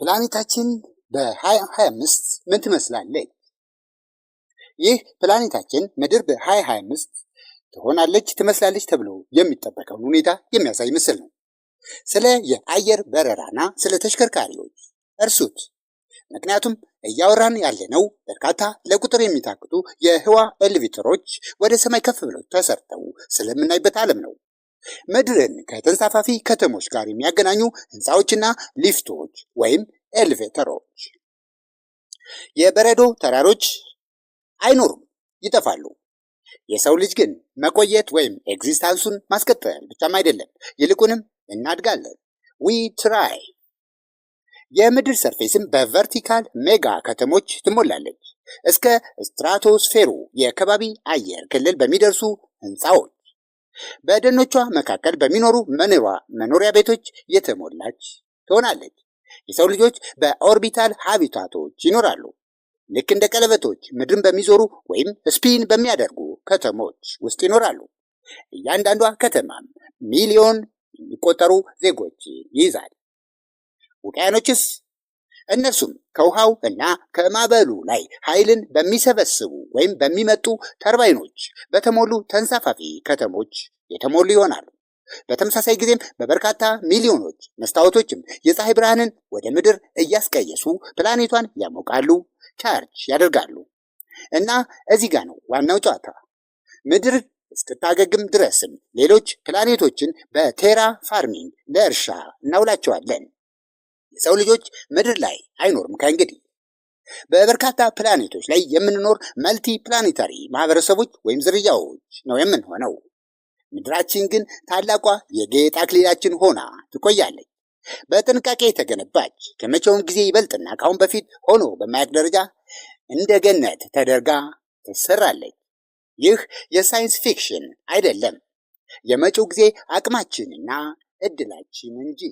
ፕላኔታችን በ2025 ምን ትመስላለች? ይህ ፕላኔታችን ምድር በ2025 ትሆናለች ትመስላለች ተብሎ የሚጠበቀውን ሁኔታ የሚያሳይ ምስል ነው። ስለ የአየር በረራና ስለ ተሽከርካሪዎች እርሱት። ምክንያቱም እያወራን ያለነው በርካታ ለቁጥር የሚታክቱ የህዋ ኤሌቬተሮች ወደ ሰማይ ከፍ ብለው ተሰርተው ስለምናይበት ዓለም ነው። ምድርን ከተንሳፋፊ ከተሞች ጋር የሚያገናኙ ህንፃዎችና ሊፍቶች ወይም ኤልቬተሮች። የበረዶ ተራሮች አይኖሩም፣ ይጠፋሉ። የሰው ልጅ ግን መቆየት ወይም ኤግዚስታንሱን ማስቀጠል ብቻም አይደለም፣ ይልቁንም እናድጋለን። ዊ ትራይ። የምድር ሰርፌስም በቨርቲካል ሜጋ ከተሞች ትሞላለች፣ እስከ ስትራቶስፌሩ የከባቢ አየር ክልል በሚደርሱ ህንፃዎች በደኖቿ መካከል በሚኖሩ መኖሪያ ቤቶች የተሞላች ትሆናለች። የሰው ልጆች በኦርቢታል ሀቢታቶች ይኖራሉ፣ ልክ እንደ ቀለበቶች ምድርን በሚዞሩ ወይም ስፒን በሚያደርጉ ከተሞች ውስጥ ይኖራሉ። እያንዳንዷ ከተማም ሚሊዮን የሚቆጠሩ ዜጎች ይይዛል። ውቅያኖችስ እነሱም ከውሃው እና ከማዕበሉ ላይ ኃይልን በሚሰበስቡ ወይም በሚመጡ ተርባይኖች በተሞሉ ተንሳፋፊ ከተሞች የተሞሉ ይሆናሉ። በተመሳሳይ ጊዜም በበርካታ ሚሊዮኖች መስታወቶችም የፀሐይ ብርሃንን ወደ ምድር እያስቀየሱ ፕላኔቷን ያሞቃሉ፣ ቻርጅ ያደርጋሉ። እና እዚህ ጋ ነው ዋናው ጨዋታ። ምድር እስክታገግም ድረስም ሌሎች ፕላኔቶችን በቴራ ፋርሚንግ ለእርሻ እናውላቸዋለን። የሰው ልጆች ምድር ላይ አይኖርም ከእንግዲህ። በበርካታ ፕላኔቶች ላይ የምንኖር መልቲ ፕላኔታሪ ማህበረሰቦች ወይም ዝርያዎች ነው የምንሆነው። ምድራችን ግን ታላቋ የጌጥ አክሊላችን ሆና ትቆያለች። በጥንቃቄ የተገነባች ከመቼውም ጊዜ ይበልጥና ከአሁን በፊት ሆኖ በማያውቅ ደረጃ እንደ ገነት ተደርጋ ትሰራለች። ይህ የሳይንስ ፊክሽን አይደለም፣ የመጪው ጊዜ አቅማችንና እድላችን እንጂ።